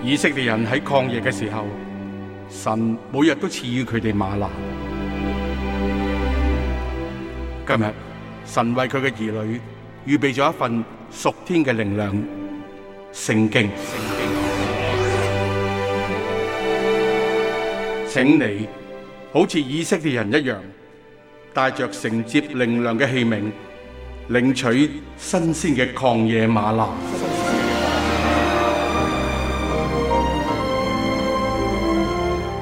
以色列人喺曠野嘅時候，神每日都賜予佢哋嗎哪。今日，神為佢嘅兒女預備咗一份屬天嘅靈糧，聖經。聖經。請你好似以色列人一樣，帶着承接靈糧嘅器皿，領取新鮮嘅曠野嗎哪。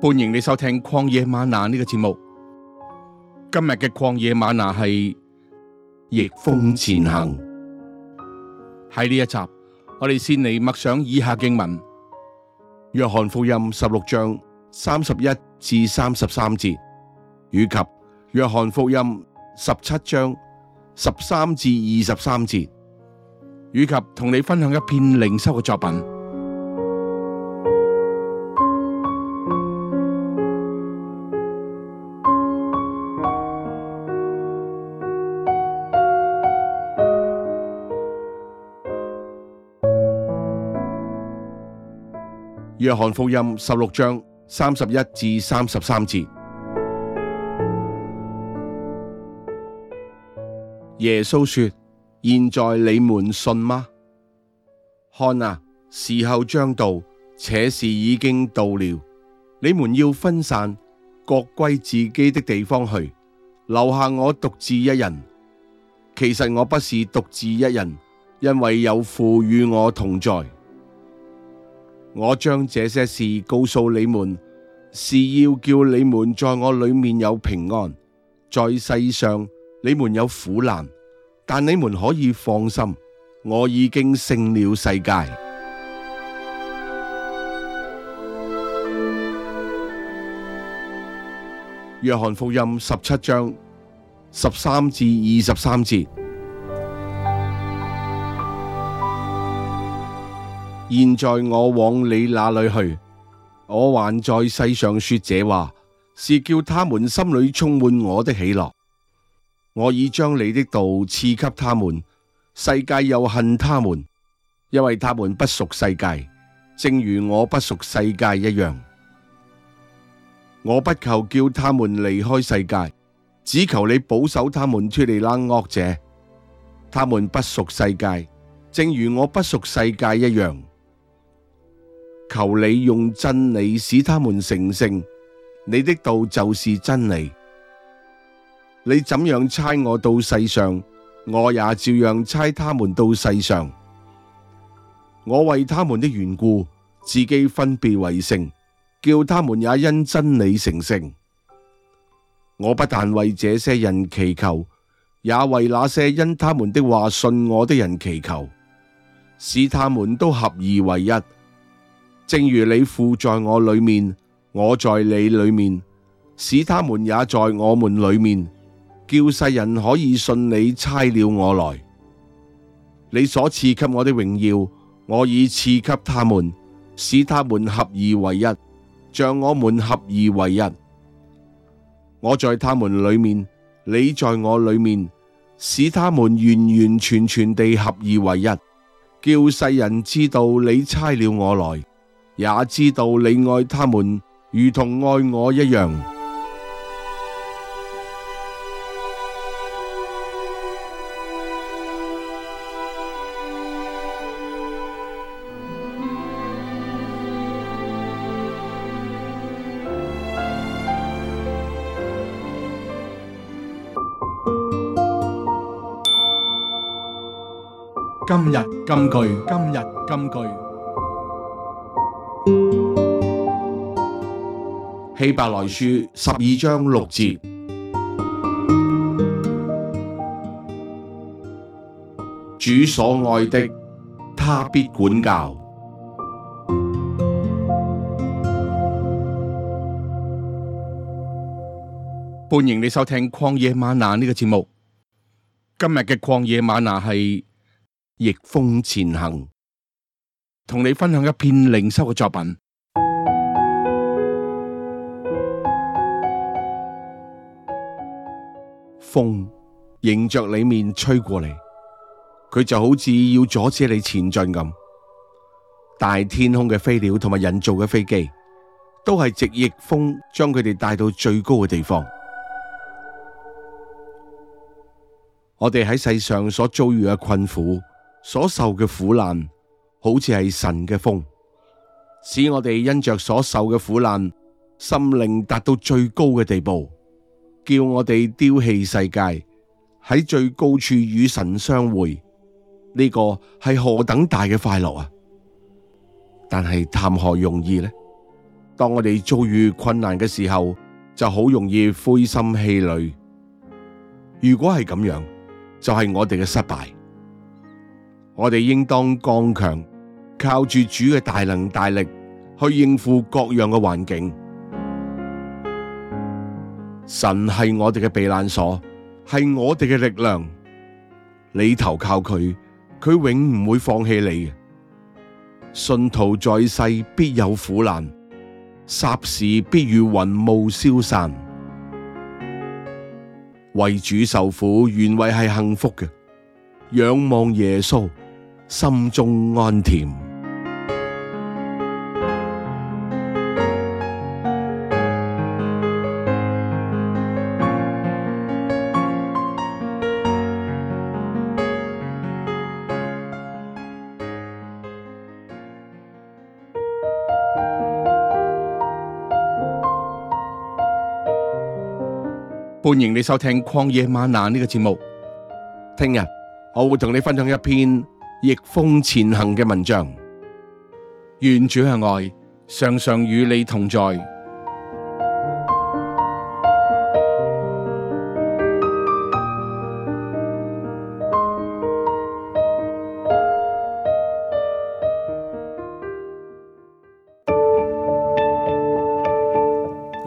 歡迎你收聽曠野嗎哪呢個節目。今日嘅曠野嗎哪係逆風前行。喺呢一集，我哋先嚟默想以下經文：約翰福音十六章三十一至三十三節，以及約翰福音十七章十三至二十三節，以及同你分享一篇靈修嘅作品。約翰福音十六章三十一至三十三節，耶穌說：現在你們信嗎？看啊，時候將到，且是已經到了，你們要分散，各歸自己的地方去，留下我獨自一人。其實我不是獨自一人，因為有父與我同在。我將這些事告訴你們，是要叫你們在我裡面有平安。在世上你們有苦難，但你們可以放心，我已經勝了世界。約翰福音十七章十三至二十三節。現在我往你那裏去，我還在世上說這話，是叫他們心裏充滿我的喜樂。我已將你的道賜給他們，世界又恨他們，因為他們不屬世界，正如我不屬世界一樣。我不求叫他們離開世界，只求你保守他們脫離那惡者。他們不屬世界，正如我不屬世界一樣。求你用真理使他們成聖，你的道就是真理。你怎樣差我到世上，我也照樣差他們到世上。我為他們的緣故，自己分別為聖，叫他們也因真理成聖。我不但為這些人祈求，也為那些因他們的話信我的人祈求，使他們都合而為一。正如你父在我裏面，我在你裏面，使他們也在我們裏面，叫世人可以信你差了我來。你所賜給我的榮耀，我已賜給他們，使他們合而為一，像我們合而為一。我在他們裏面，你在我裏面，使他們完完全全地合而為一，叫世人知道你差了我來。也知道你愛他們，如同愛我一樣。今日金句，今日金句。希伯來書十二章六節：主所愛的，他必管教。歡迎你收聽曠野嗎哪呢個節目。今日嘅曠野嗎哪係逆風前行。同你分享一篇靈修嘅作品。風迎着你面吹過嚟，佢就好似要阻止你前進咁。大天空嘅飛鳥同埋人造嘅飛機，都係直逆風將佢哋帶到最高嘅地方。我哋喺世上所遭遇嘅困苦，所受嘅苦難。好似係神嘅風，使我哋因着所受嘅苦難，心靈達到最高嘅地步，叫我哋丟棄世界，喺最高處與神相會。呢個係何等大嘅快樂啊！但係，談何容易呢？當我哋遭遇困難嘅時候，就好容易灰心氣餒。如果係咁樣，就係我哋嘅失敗。我哋應當剛強。靠住主嘅大能大力去應付各樣嘅環境，神係我哋嘅避難所，係我哋嘅力量。你投靠佢，佢永唔會放棄你。信徒在世必有苦難，霎時必如雲霧消散。為主受苦，原為係幸福嘅。仰望耶穌，心中安恬。歡迎你收聽《曠野晚難》呢、這個節目。聽日我會同你分享一篇逆風前行嘅文章。願主向外，常常與你同在。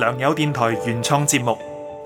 良友電台原創節目。